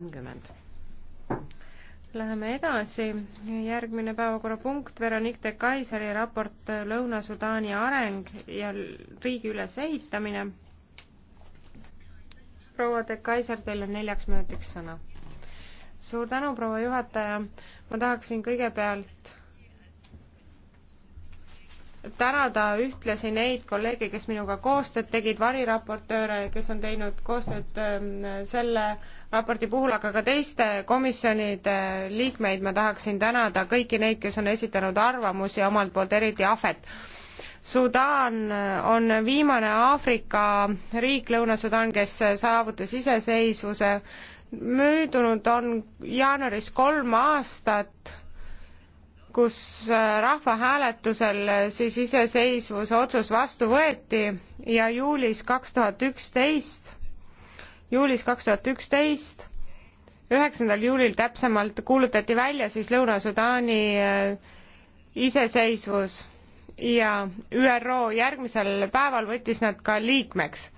kolmkümmend. Läheme edasi, järgmine päevakorrapunkt, Veronique de Kaiseri raport Lõuna-Sudaani areng ja riigi ülesehitamine. proua de Kaiser, teil on neljaks minutiks sõna. suur tänu, proua juhataja, ma tahaksin kõigepealt tänada ühtlasi neid kolleege, kes minuga koostööd tegid, variraportööre, kes on teinud koostööd ähm, selle raporti puhul, aga ka teiste komisjonide liikmeid ma tahaksin tänada, kõiki neid, kes on esitanud arvamusi omalt poolt, eriti Ahvet. Sudaan äh, on viimane Aafrika riik, Lõuna-Sudaan, kes saavutas iseseisvuse. möödunud on jaanuaris kolm aastat kus äh, rahvahääletusel äh, siis iseseisvuse otsus vastu võeti ja juulis kaks tuhat üksteist, juulis kaks tuhat üksteist, üheksandal juulil täpsemalt kuulutati välja siis Lõuna-Sudaani äh, iseseisvus ja ÜRO järgmisel päeval võttis nad ka liikmeks.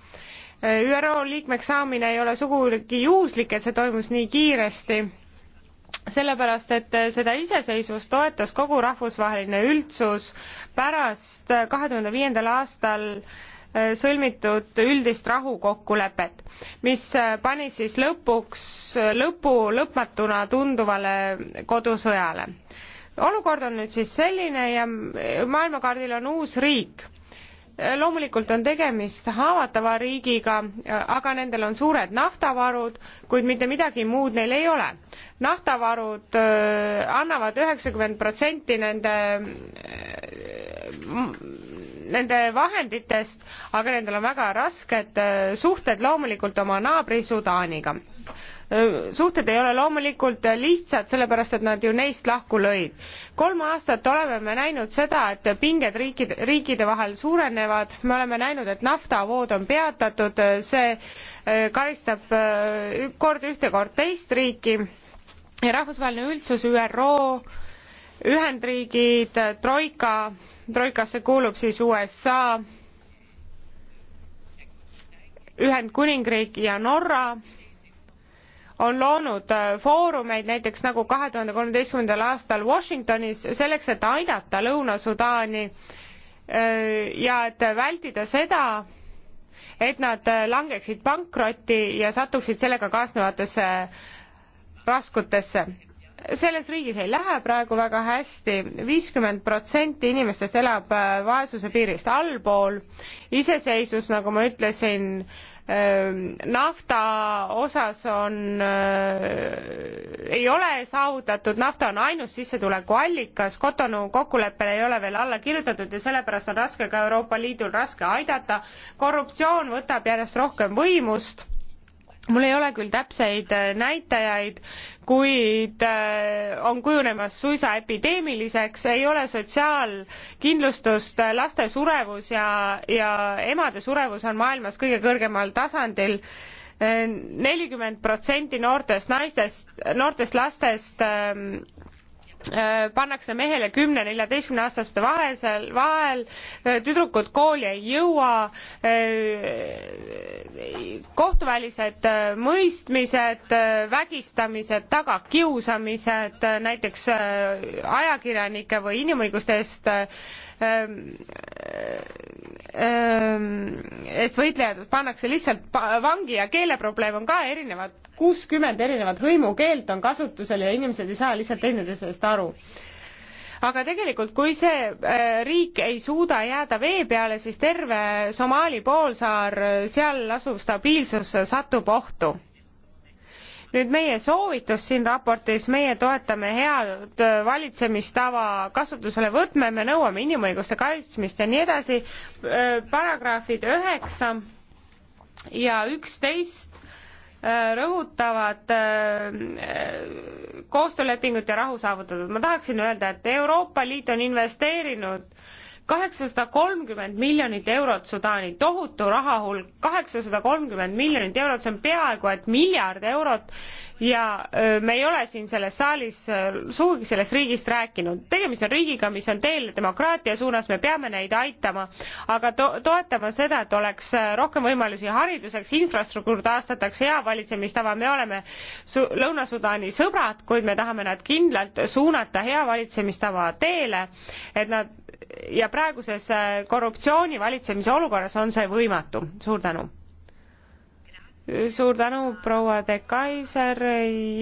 ÜRO liikmeks saamine ei ole sugugi juhuslik, et see toimus nii kiiresti sellepärast et seda iseseisvust toetas kogu rahvusvaheline üldsus pärast 2005. aastal äh, sõlmitud üldist rahukokkulepet mis äh, pani siis lõpuks äh, lõpu lõpmatuna tunduvale kodusõjale olukord on nüüd siis selline ja maailmakaardil on uus riik loomulikult on tegemist haavatava riigiga, aga nendel on suured naftavarud, kuid mitte midagi muud neil ei ole. naftavarud äh, annavad üheksakümmend protsenti nende, äh, nende vahenditest, aga nendel on väga rasked äh, suhted loomulikult oma naabri Sudaaniga suhted ei ole loomulikult lihtsad, sellepärast et nad ju neist lahku lõid. kolm aastat oleme me näinud seda, et pinged riikide, riikide vahel suurenevad, me oleme näinud, et naftavood on peatatud, see eh, karistab eh, kord ühte, kord teist riiki ja rahvusvaheline üldsus, ÜRO, Ühendriigid, Troika, Troikasse kuulub siis USA, Ühendkuningriik ja Norra on loonud äh, foorumeid näiteks nagu kahe tuhande kolmeteistkümnendal aastal Washingtonis selleks, et aidata Lõuna-Sudaani äh, ja et vältida seda, et nad äh, langeksid pankrotti ja satuksid sellega kaasnevatesse raskutesse selles riigis ei lähe praegu väga hästi, viiskümmend protsenti inimestest elab äh, vaesuse piirist allpool, iseseisvus, nagu ma ütlesin, ähm, nafta osas on, äh, ei ole saavutatud, nafta on ainus sissetulekuallikas, Cotonou kokkuleppele ei ole veel alla kirjutatud ja sellepärast on raske ka Euroopa Liidul raske aidata, korruptsioon võtab järjest rohkem võimust mul ei ole küll täpseid äh, näitajaid, kuid äh, on kujunemas suisa epideemiliseks, ei ole sotsiaalkindlustust, äh, laste surevus ja, ja emade surevus on maailmas kõige kõrgemal tasandil nelikümmend protsenti noortest naistest, noortest lastest ähm, pannakse mehele kümne neljateistkümne aastaste vahesel vahel tüdrukud kooli ei jõua kohtuvälised mõistmised, vägistamised, tagakiusamised, näiteks äh, ajakirjanike või inimõiguste eest äh, ähm, ähm, eest võitlejad pannakse lihtsalt vangi ja keeleprobleem on ka erinevad, kuuskümmend erinevat hõimukeelt on kasutusel ja inimesed ei saa lihtsalt teineteisest aru aga tegelikult, kui see äh, riik ei suuda jääda vee peale, siis terve Somaali poolsaar, seal asuv stabiilsus satub ohtu nüüd meie soovitus siin raportis, meie toetame head äh, valitsemistava kasutusele võtme, me nõuame inimõiguste kaitsmist ja nii edasi, äh, paragrahvid üheksa ja üksteist Äh, rõhutavad äh, äh, koostöölepingut ja rahu saavutatud. ma tahaksin öelda, et Euroopa Liit on investeerinud kaheksasada kolmkümmend miljonit eurot Sudaani, tohutu rahahulk, kaheksasada kolmkümmend miljonit eurot, see on peaaegu et miljard eurot ja me ei ole siin selles saalis sugugi sellest riigist rääkinud. tegemist on riigiga, mis on teel demokraatia suunas, me peame neid aitama, aga to-, toetama seda, et oleks rohkem võimalusi hariduseks, infrastruktuur taastatakse, hea valitsemistava, me oleme su-, Lõuna-Sudaani sõbrad, kuid me tahame nad kindlalt suunata hea valitsemistava teele, et nad ja praeguses äh, korruptsiooni valitsemise olukorras on see võimatu. suur tänu. suur tänu, proua de Kaiser,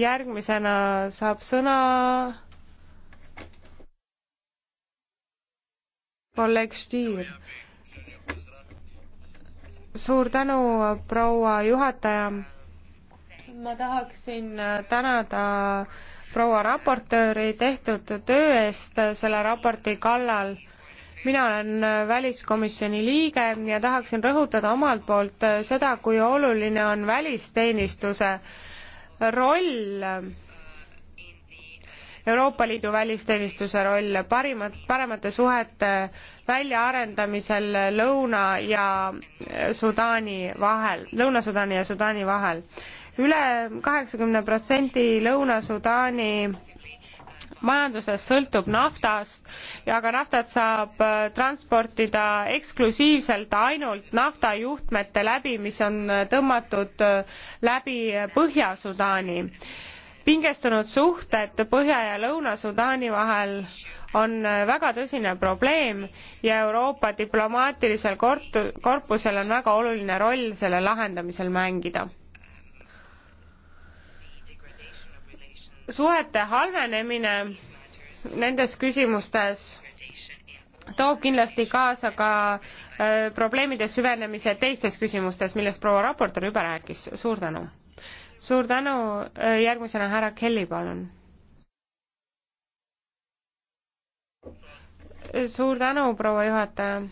järgmisena saab sõna kolleeg Stier. suur tänu, proua juhataja. ma tahaksin äh, tänada proua raportööri tehtud töö eest selle raporti kallal mina olen äh, väliskomisjoni liige ja tahaksin rõhutada omalt poolt äh, seda, kui oluline on välisteenistuse roll, Euroopa Liidu välisteenistuse roll parimat, paremate suhete väljaarendamisel Lõuna ja äh, Sudaani vahel, Lõuna-Sudaani ja Sudaani vahel üle. üle kaheksakümne protsendi Lõuna-Sudaani majanduses sõltub naftast ja ka naftat saab äh, transportida eksklusiivselt ainult naftajuhtmete läbi, mis on äh, tõmmatud äh, läbi Põhja-Sudaani. pingestunud suhted Põhja- ja Lõuna-Sudaani vahel on väga tõsine probleem ja Euroopa diplomaatilisel korpusel on väga oluline roll selle lahendamisel mängida suhete halvenemine nendes küsimustes toob kindlasti kaasa ka öö, äh, probleemide süvenemise teistes küsimustes, millest proua raportöör juba rääkis, suur tänu. suur tänu, äh, järgmisena härra Kelly, palun. suur tänu, proua juhataja.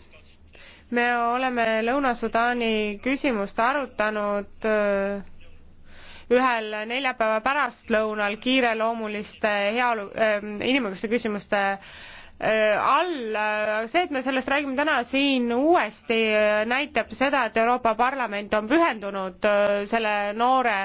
me oleme Lõuna-Sudaani küsimust arutanud öö, äh, ühel neljapäeva pärastlõunal kiireloomuliste heaolu äh,, inimõiguste küsimuste äh, all, see, et me sellest räägime täna siin uuesti, äh, näitab seda, et Euroopa Parlament on pühendunud äh, selle noore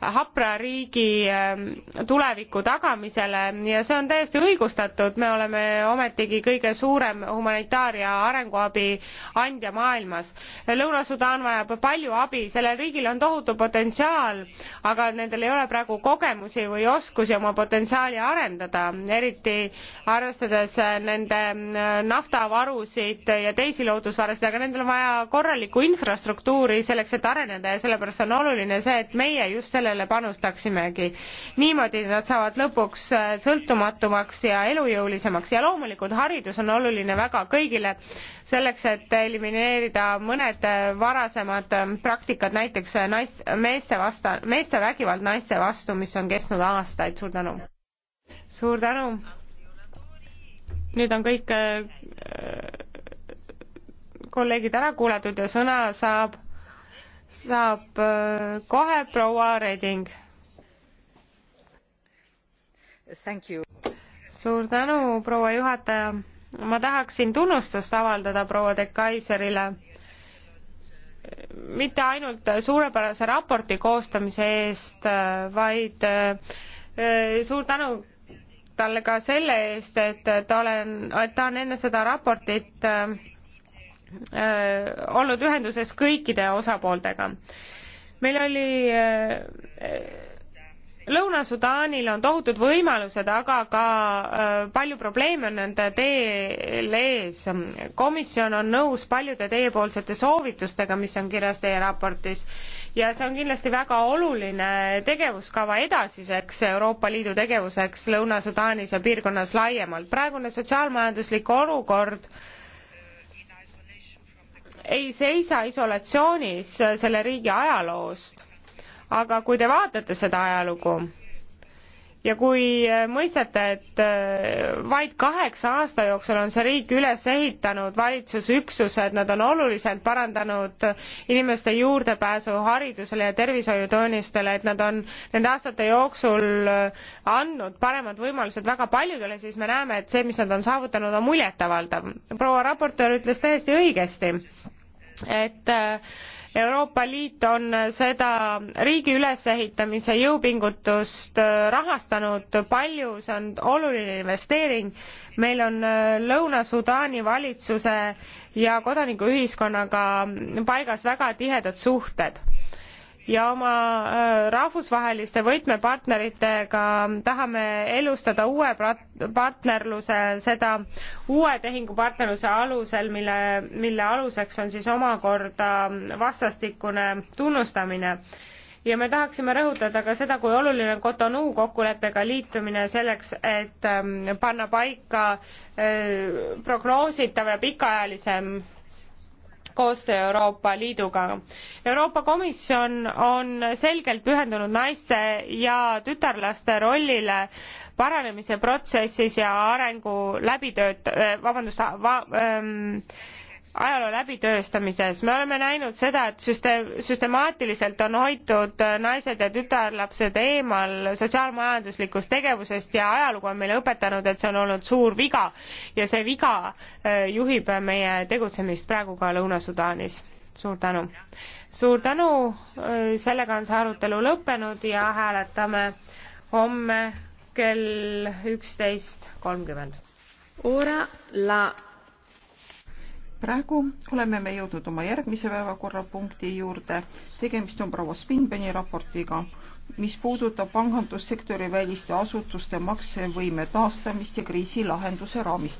hapra riigi ähm, tuleviku tagamisele ja see on täiesti õigustatud, me oleme ometigi kõige suurem humanitaar- ja arenguabi andja maailmas. Lõuna-Sudaan vajab palju abi, sellel riigil on tohutu potentsiaal, aga nendel ei ole praegu kogemusi või oskusi oma potentsiaali arendada, eriti arvestades nende äh, naftavarusid ja teisi loodusvarasid, aga nendel on vaja korralikku infrastruktuuri selleks, et areneda ja sellepärast on oluline see, et meie just selle sellele panustaksimegi. niimoodi nad saavad lõpuks äh, sõltumatumaks ja elujõulisemaks ja loomulikult haridus on oluline väga kõigile, selleks et elimineerida mõned äh, varasemad äh, praktikad, näiteks naist, meeste vasta, meeste vägivald naiste vastu, mis on kestnud aastaid, suur tänu! suur tänu! nüüd on kõik kolleegid ära kuulatud ja sõna saab saab äh, kohe proua Reding. suur tänu, proua juhataja. ma tahaksin tunnustust avaldada proua de Kaiserile mitte ainult suurepärase raporti koostamise eest, vaid äh, suur tänu talle ka selle eest, et ta olen, et ta on enne seda raportit äh, Äh, olnud ühenduses kõikide osapooltega. meil oli äh, Lõuna-Sudaanil on tohutud võimalused, aga ka äh, palju probleeme on nende teel ees. komisjon on nõus paljude teiepoolsete soovitustega, mis on kirjas teie raportis ja see on kindlasti väga oluline tegevuskava edasiseks Euroopa Liidu tegevuseks Lõuna-Sudaanis ja piirkonnas laiemalt. praegune sotsiaalmajanduslik olukord äh, ei seisa isolatsioonis äh, selle riigi ajaloost, aga kui te vaatate seda ajalugu ja kui äh, mõistate, et äh, vaid kaheksa aasta jooksul on see riik üles ehitanud valitsusüksused, nad on oluliselt parandanud inimeste juurdepääsu haridusele ja tervishoiutoonistele, et nad on nende aastate jooksul andnud paremad võimalused väga paljudele, siis me näeme, et see, mis nad on saavutanud, on muljetavaldav. proua raportöör ütles täiesti õigesti et äh, Euroopa Liit on seda riigi ülesehitamise jõupingutust äh, rahastanud palju, see on oluline investeering. meil on äh, Lõuna-Sudaani valitsuse ja kodanikuühiskonnaga paigas väga tihedad suhted ja oma äh, rahvusvaheliste võtmepartneritega tahame elustada uue partnerluse, seda uue tehingupartnerluse alusel, mille, mille aluseks on siis omakorda vastastikune tunnustamine ja me tahaksime rõhutada ka seda, kui oluline on Cotonou kokkuleppega liitumine selleks, et ähm, panna paika äh, prognoositav ja pikaajalisem koostöö Euroopa Liiduga. Euroopa Komisjon on selgelt pühendunud naiste ja tütarlaste rollile paranemise protsessis ja arengu läbitööt-, äh, vabandust va,, ähm, ajaloo läbitööstamises. me oleme näinud seda, et süste-, süstemaatiliselt on hoitud naised ja tütarlapsed eemal sotsiaalmajanduslikust tegevusest ja ajalugu on meile õpetanud, et see on olnud suur viga ja see viga äh, juhib meie tegutsemist praegu ka Lõuna-Sudaanis. suur tänu! suur tänu, äh, sellega on see arutelu lõppenud ja hääletame homme kell üksteist kolmkümmend. Ora la praegu oleme me jõudnud oma järgmise päevakorrapunkti juurde. tegemist on proua Spinbeni raportiga, mis puudutab pangandussektori väliste asutuste maksevõime taastamist ja kriisilahenduse raamistikku.